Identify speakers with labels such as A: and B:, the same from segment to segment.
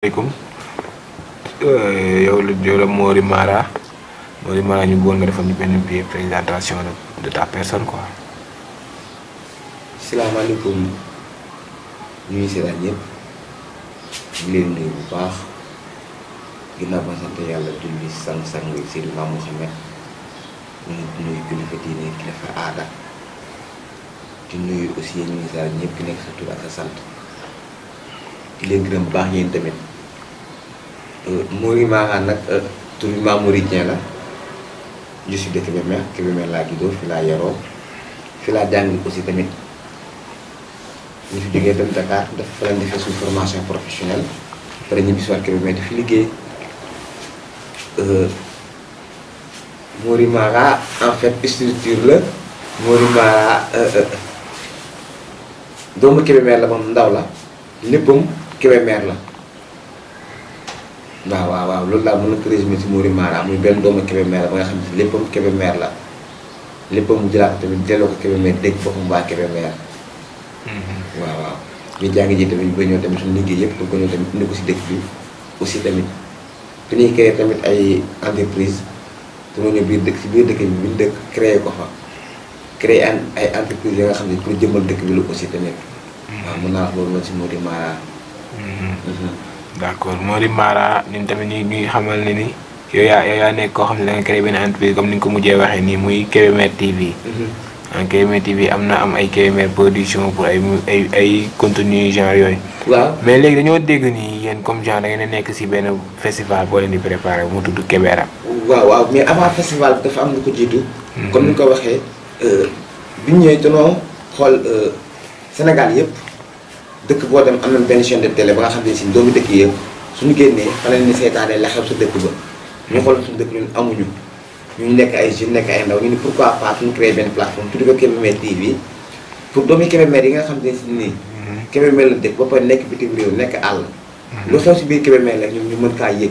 A: alaikum yow yow la Mori Mara Mori Mara ñu bëggoon nga defal ñu benn biir présentation de, de ta personne quoi.
B: salaamaaleykum ñuy seetaan ñëpp di leen nuyu bu baax ginnaaw ba sant yàlla julli sang-sang yi Seydina Mouhamed ñu nuyu kilifa diine kilifa aada di nuyu aussi ñuy seetaan ñëpp ki nekk sa tur ak sa sant di leen gërëm baax yéen tamit mu anak, maaxaan eh, nag tur bi maamouridien la je suis de Kébémer Kébémer laa juddoo fi laa yaroo fi laa jàng aussi tamit ñu fi jógee dem Dakar dafa fa leen defee suñu formation professionnelle di fi liggéey eh, Mory Mara en fait structure eh, la Mory Mara doomu Kébémer la moom ndaw la léppam Kébémer la waaw waaw waaw loolu daal mën na ko résumé ci Mory Mara muy benn doomu Kébémer ba nga xam ne léppam Kébémer la léppam mu jëlaat tamit delloo ko Kébémer dégg boppam waa Kébémer. Mm-hmm. waaw waaw ñu jàng ji tamit ba ñëw tamit suñu liggéey yëpp dafa ko ñëw tamit indi ko si dëkk bi aussi tamit fi ñuy créé tamit ay entreprise te biir dëkk ci biir dëkk bi biñ dëkk créé ko fa créé ay entreprise yi nga xam ne pour jëmmal dëkk bi lu aussi tamit. Mm-hmm. waaw mën naa wax loolu ci Mory d'
A: accord moo di Mara ñun tamit ñu ngi xamal ne ni yow yaa yaa nekk koo xam ne da nga créé benn entreprise comme ni nga ko mujjee waxee nii muy Kébémer TV. en mhm. ah, Kébémer TV am na am ay Kébémer production pour ay ay ay contenu genre yooyu. waaw mais léegi dañoo dégg nii yéen comme genre da ngeen a nekk si benn festival boo leen di préparé mu tudd Kébémer.
B: waaw waaw mais avant festival bi dafa am lu ko jiitu. Mhm. comme ni nga ko waxee euh, bi ñu ñëwee danoo xool euh, Sénégal yëpp. dëkk boo dem am nañ benn chaîne de télé ba nga xam ne si doomu dëkk yëpp suñu génnee fa leen ni la xew sa dëkk ba ñu xool suñu dëkk ñun amuñu ñu nekk ay jeunes nekk ay ndaw ñu ni pourquoi pas suñu créer benn plateforme tudde ko Kébémer TV pour doomi Kébémer yi nga xam ne si nii mhm. Kébémer la dëkk ba nekk bitim réew nekk àll mhm. lu xew si biir Kébémer la ñoom ñu mën kaa yëg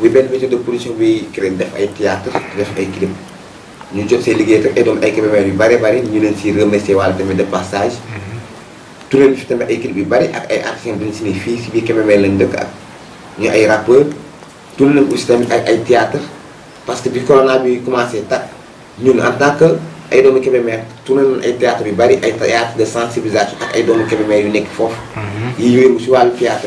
B: bu benn unité de production bi créé def ay théâtre def ay clip ñu jot see liggéey te ay doom ay caméraman yu bari bari ñu leen si remercier wàlla tamit de passage mhm. tourné bi fi tamit ay clip yu bari ak ay artistes dañ si ne fii si biir caméraman lañ dëkk ak ñu ay rappeur tourné nañ aussi tamit ak ay théâtre parce que bi corona bi commencé tak ñun en tant que ay doomu Kébémer tourné nañ ay théâtre yu bari ay théâtre de sensibilisation ak ay doomu Kébémer yu nekk foofu mhm. yi yooyu si wàllu théâtre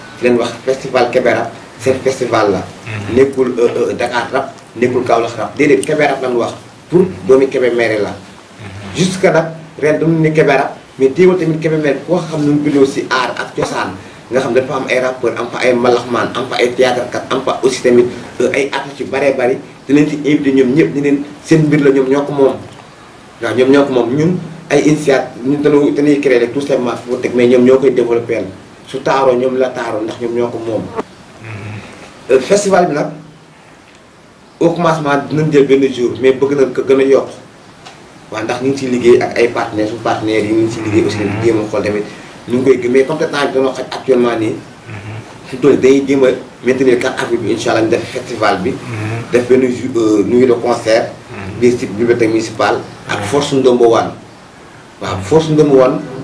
B: leen wax festival keberap seen festival la. Mhm. nekul euh, euh, Dakar rap nekul Kaolack rap déedéet keberap nan wax pour doomi Kébémer la. Mhm. jusque nag ren dañu ne Kébérap mais teewul tamit Kébémer koo xam ñu bindoo si aar ak cosaan nga xam dafa am ay rappeur am fa ay malaxmaan am fa ay théâtre kat am fa aussi tamit euh, ay artistes yu baree bari dinañ ci invité ñoom ñëpp di leen seen mbir la ñoom ñoo ko moom. waaw ñoom ñoo ko moom ñun ay initiative ñun dañoo dañuy créer rek tout simplement pour teg mais ñoom ñoo koy su taaroo ñoom la taaroo ndax ñoom ñoo ko moom. Euh, festival bi nag au commencement dinañ jël benn jour mais bëgg nañ ko gën a yokk waa ndax ñu ngi ciy liggéey ak ay partenaires suñu partenaires yi ñu ngi ciy liggéey aussi di jéem a xool tamit ñu ngi koy gëm mais comme que temps bi dañoo xaj actuellement nii. su toll dañuy jéem a maintenir 4 avril bi incha allah ñu def festival bi. def benn euh, nuit de concert. biir ci bibliothèque municipale. ak force Ndombo Wane. waaw force Ndombo Wane.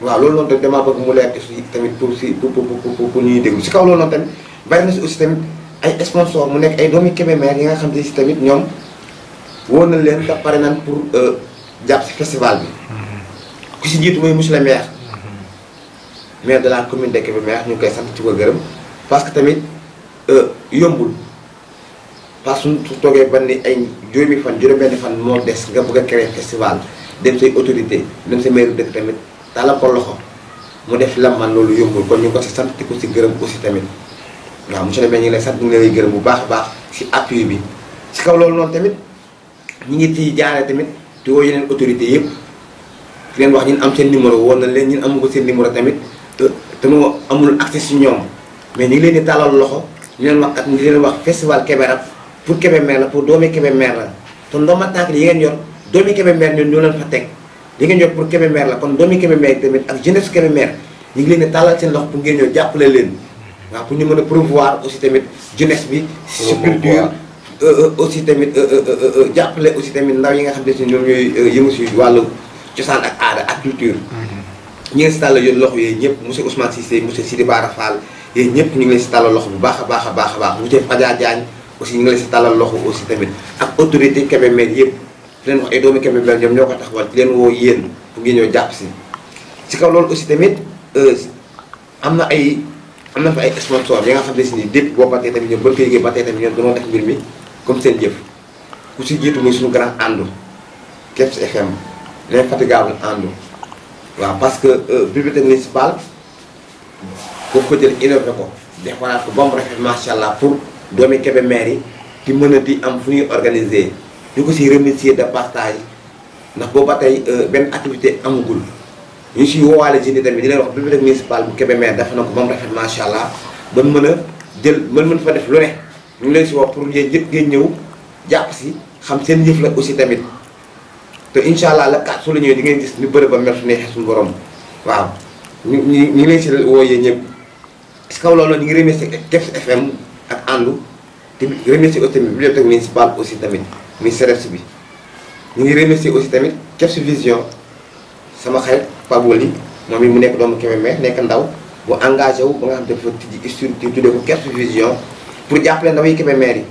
B: waaw loolu noonu tamit damaa bëgg mu leer tamit pour si pour pour pour ñuy déglu si kaw loolu noonu tamit bari na si aussi tamit ay sponsor mu nekk ay doomi Kébémer yi nga xam ne si tamit ñoom woon na leen te pare nan pour euh, jàpp si festival bi. Mm-hmm. ku si jiitu mooy monsieur le maire. Mm-hmm. maire de la commune de Kébémer ñu ngi koy sant ci ko gërëm parce que tamit euh, yombul parce que su toogee ba ni ay juróomi fan juróom-benn fan moo des nga bëgg a créer festival dem say autorité dem sa maire dëkk tamit. tàllal ko loxo mu def lam man loolu yombul kon ñu ngi ko si sant di ko si gërëm aussi tamit waaw monsieur le maire ñu ngi gërëm bu baax baax si appui bi si kaw loolu tamit ñu ngi ciy jaaree tamit di woo yeneen autorités yëpp di leen wax ñun am seen numéro woon leen ñun amu ko seen numéro tamit te te mu amul accès si ñoom ñu ngi leen di tàllal loxo ñu leen wax ak ñu leen wax festival Kébémer pour Kébémer la pour doomi Kébémer la te ndombal tànk yi ngeen yor doomi Kébémer ñun ñoo leen fa teg. li ngeen jot pour Kébémer la kon doomi Kébémer tamit ak jeunesse Kébémer ñu ngi leen a tàllal seen loxo ngeen ñëw jàppale ñu mën a promouvoir aussi tamit jeunesse bi. si culture euh, euh, aussi tamit euh, jàppale aussi tamit ndaw yi nga xam ne ñoom ñooy yëngu si wàllu cosaan ak aada ak culture. Mhm. ñu yoon loxo yooyu ñëpp monsieur Ousmane Cissé monsieur Sidi Bara Fall yooyu ñëpp ñu ngi leen loxo bu baax a baax a baax a baax bu Fadja Diagne aussi ñu ngi leen si tàllal loxo aussi tamit ak autorité Kébémer yëpp. di leen wax ay doomu Kébémer ñoom ñoo ko taxawal di jàpp si si aussi tamit euh, am na ay am na ay sponsor yi nga xam ne si nii boo ba tey tamit ñoom ba ñu koy yëgee comme seen jëf ku si jiitu muy suñu grand àndu KEPS FM l'infatigable àndu parce que euh, bibliothèque municipale boobu ko jël innové ko defaraat ko ba mu rafet macha allah pour doomi Kébémer yi di mën a di am fu ñuy organiser. ñu ko siy remercier de partage ndax boobu ba tey euh, benn activité amagul ñu si woowaale jeunes yi tamit di leen wax bibliothèque municipale bu Kébémer def na ko ba mu rafet macha allah ba mën a jël mën mën fa def lu ne ñu ngi leen si wax pour yéen ñëpp ngeen ñëw jàpp si xam seen yëf la aussi tamit te incha allah la kat su la ñëwee di ngeen gis ñu bëri ba mel su neexee suñu borom waaw ñu ñu ñu ngi leen si wooyee ñëpp si kaw loolu ñu ngi remercier KEPS FM ak àndu te remercier aussi tamit bibliothèque municipale aussi tamit. muy CREPS bi ñu ngi remercier aussi tamit CREPS vision sama xarit Pape Wali moom it mu nekk doomu Kébémer nekk ndaw bu engagé wu ba nga xam dafa tijji structure tuddee ko vision pour jàppale ndaw yi Kébémer yi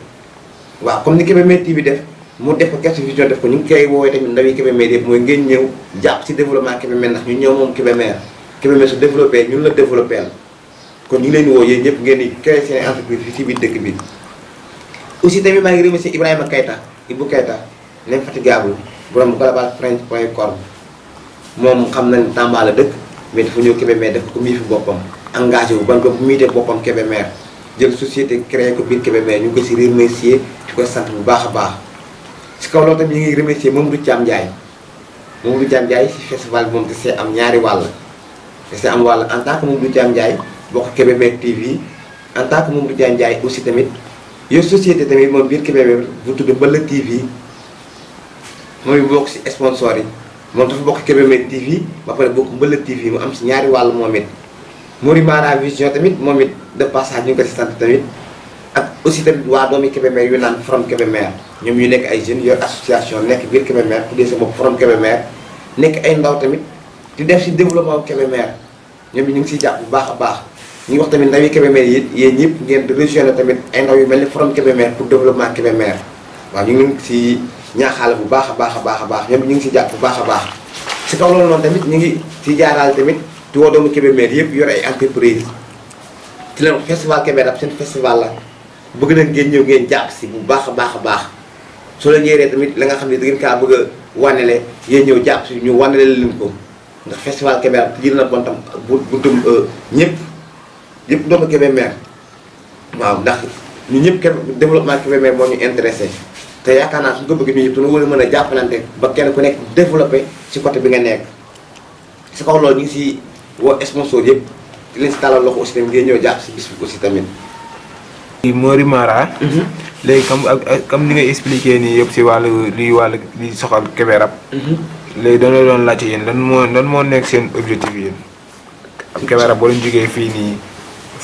B: waaw comme ni Kébémer TV def mu def ko CREPS vision def ko ñu ngi koy woowee tamit ndaw yi Kébémer mooy ngeen ñëw jàpp ci développement Kébémer ndax ñu ñëw moom Kébémer Kébémer su développé ñun la développé la kon ñu ngi leen woo yéen ñëpp ngeen di créer seen entreprise fii ci biir dëkk bi aussi tamit maa ngi remercier Ibrahima Keita Ibou Keita l'infatigable borom globalfrench.com moom xam nañ Tamba la dëkk mais dafa ñëw Kébémer def ko miifi boppam engage wu ban ko bu miitee boppam Kébémer jël société créé ko biir Kébémer ñu ngi ko si remercier di ko sant bu baax a baax si kaw loolu tamit ñu moom du Mamadou Thiam Ndiaye Mamadou Thiam Ndiaye si festival bi moom see am ñaari wàll desee am wàll en tant que Mamadou Thiam Ndiaye bokk Kébémer TV en tant que Mamadou Thiam Ndiaye aussi tamit yow société tamit moom biir Kébémer bu tudd Balla TV mooy bokk si sponsor yi moom dafa bokk Kébémer TV ba pare bokk Balla TV mu am si ñaari wàll moom it. Mori Mara Vision tamit moom it de passage ñu ngi ko si sant tamit ak aussi tamit waa doomi Kébémer yu naan From Kébémer ñoom ñu nekk ay jeunes yor association nekk biir Kébémer tuddee sa bopp From Kébémer nekk ay ndaw tamit di def si développement Kébémer ñoom ñu ngi siy jàpp bu baax a baax. ñu wax tamit ndawi Kébémer yi yéen ñëpp ngeen di région tamit ay ndaw mel ni forum Kébémer pour développement Kébémer waaw ñu ngi leen si ñaaxaale bu baax a baax a baax a baax ñoom ñu ngi si jàpp bu baax a baax si kaw loolu ñu ngi si jaaraale tamit di woo doomu Kébémer yëpp yor ay entreprise ci leen festival Kébémer ab seen festival la bëgg na ngeen ñëw ngeen jàpp si bu baax a baax a baax soo leen yéree tamit la nga xam ne da ngeen kaa bëgg a wànnele yéen ñëw jàpp si ñu wànnele leen ko ndax festival Kébémer jël na tam bu buntum euh, ñëpp yëpp doomu Kébémer waaw ndax ñu ñëpp kenn développement Kébémer moo ñu intéressé te yaakaar naa suñ ko bëggee ñu ñëpp dañu war a mën a jàppalante ba kenn ku nekk développé ci côté bi nga nekk si kaw loolu ñu ngi si woo sponsor yëpp di leen loxo aussi tamit ngeen ñëw jàpp si bis bi aussi tamit. Mori mhm. ak comme ni
A: ngay expliqué nii yëpp si wàllu li wàllu li soxal Kébé Rap. Mhm. léegi dañoo doon laajte yéen lan moo lan moo nekk seen objectif yi am Kébé Rap boo leen jógee fii nii.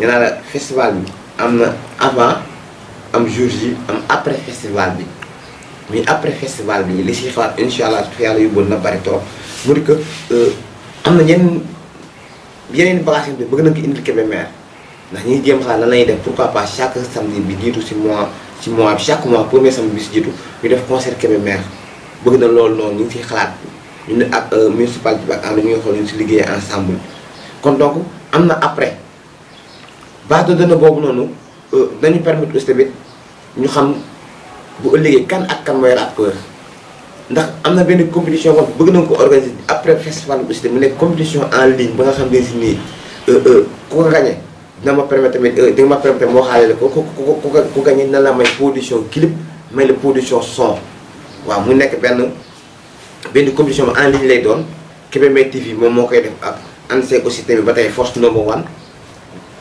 B: y a festival avant am jour am après festival mais après festival bi les siy que na trop que am na yenn yeneen de Kébémer pourquoi pas chaque samedi chaque mois le mois chaque mois premier samedi bi si ñu concert que bëgg na loolu noonu ñu euh, municipalité bi ak ensemble donc am après. base de données boobu noonu euh, dañu permettre aussi tamit ñu xam bu ëllëgee kan ak kan mooy rappeur ndax am na benn compétition boo bëgg nañ ko organiser après festival bi aussi tamit mu nekk compétition en ligne ba nga xam ne si nii euh, euh, ku ko gagné ma permettre tamit ma permettre ko ku ku ku ku gagné na la may production clip may la production son waaw mu nekk benn benn compétition en ligne lay doon Kébémer TV moom moo koy def ak ANSEC aussi tamit ba tey force number one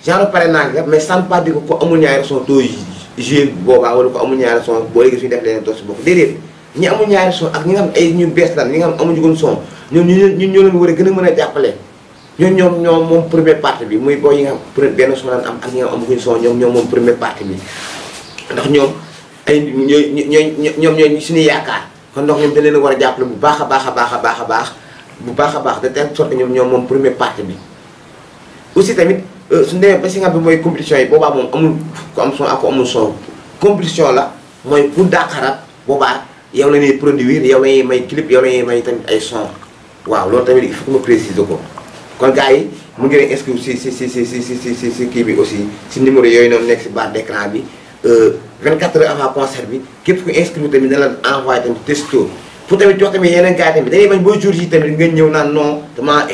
B: genre parrainage la mais ça ne veut pas dire que ku amul ñaari son doo joué boobaa wala ku amul ñaari son boo léegi suñu def leneen doo si bokk déedéet ñi amul ñaari son ak ñi nga xam ay ñu bees lan ñi nga xam amuñu goon son ñoom ñu ñun ñoo leen war a gën a mën a jàppale ñoom ñoom ñoom moom première partie bi muy boo yi nga xam peut être benn son lan am ak ñi nga xam amuñu son ñoom ñoom moom première partie bi ndax ñoom ay ñooy ñooy ñoom ñooy suñu yaakaar kon ndox ñoom da leen a war a jàppale bu baax a baax a baax a baax a baax bu baax a baax de telle sorte ñoom ñoom moom première partie bi aussi tamit Euh, su ñu demee ba bi mooy compétition yi boobaa moom amul ku am son ak ku amul son compétition la mooy pour dàqarat boobaa yow la ñuy produire yow la ñuy may clip yow la ñuy may ay son waaw loolu tamit il faut que ma préciser ko kon gars yi mu ngi leen inscrire si si si si si si si kii bi aussi si numéro yooyu noonu nekk si barre d'écran bi 24 euh, heures avant concert bi ku inscrire tamit na la envoyé tamit texto pour tamit jox tamit yeneen gars yi tamit dañuy bañ boo jour yi tamit nga ñëw naan non damaa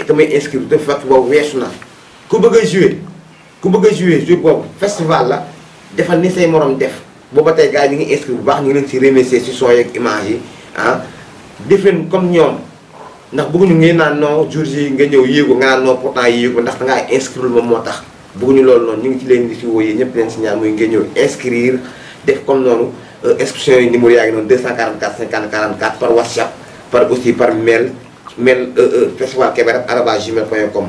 B: weesu na ku bëgg a ku bëgg a jouer jour boobu festival la defal ni say morom def booba tey gars yi ñu ngi inscrire bu baax ñu ngi leen si remercier si son yeeg image yi ah leen comme ñoom ndax bëgguñu ngeen naan non jour yi nga ñëw yéegu nga naan non pourtant yéegu ndax dangaa inscrire moom moo tax bëgguñu loolu noonu ñu ngi ci leen di si wooyee ñëpp leen si ñaan muy nga ñëw inscrire def comme noonu euh, inscription yi numéro yaa ngi noonu 244 50 44 par whatsapp par aussi par mail mail euh, euh, festival keberat arobase gmail point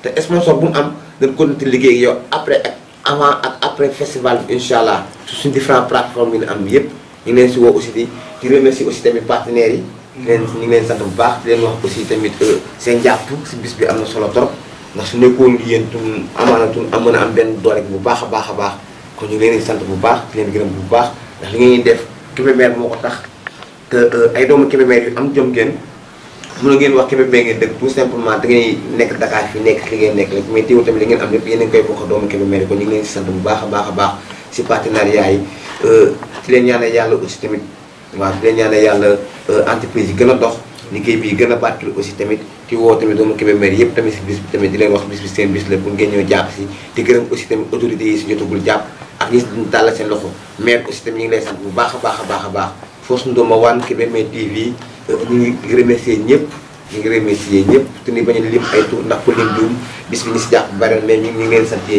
B: te sponsor bu mu am dañ continuer liggéey ak yow après ak avant ak après festival bi incha allah su suñ différentes plateformes yi ñu am yëpp ñu leen si woo aussi di di remercier aussi tamit partenaires yi. leen ñu ngi leen sant bu baax leen wax aussi tamit seen jàpp si bis bi am na solo trop ndax su nekkoon yéen tun amaana tun am mën a am benn doole bu baax a baax a baax kon ñu ngi leen sant bu baax di leen gërëm bu baax ndax li ngeen def Kébémer moo ko tax euh, ay doomu Kébémer yu am jom ngeen. mun ngeen wax Kébémer bee ngeen dëkk tout simplement da ngay nekk Dakar fi nekk li ngeen nekk rek mais teewul tamit li a ngi koy a baax euh, euh, yi gën a dox liggéey bi gën a bàttali aussi tamit ci woo tamit doomu yëpp tamit si bi tamit di leen wax bis bi seen bis la pour ngeen ñëw jàpp si di gërëm aussi tamit autorités yi si jotagul jàpp ak ñi tàllal seen loxo maire aussi tamit ñu ngi lay sant bu baax a baax a baax a baax Force Ndoumba Wane Kébémer TV ñu ngi remercier ñëpp ñu ngi remercier ñëpp te ni bañ lim ay tur ndax ku lim juum bis bi ñu si jàpp bari na mais ñu ngi
A: leen sant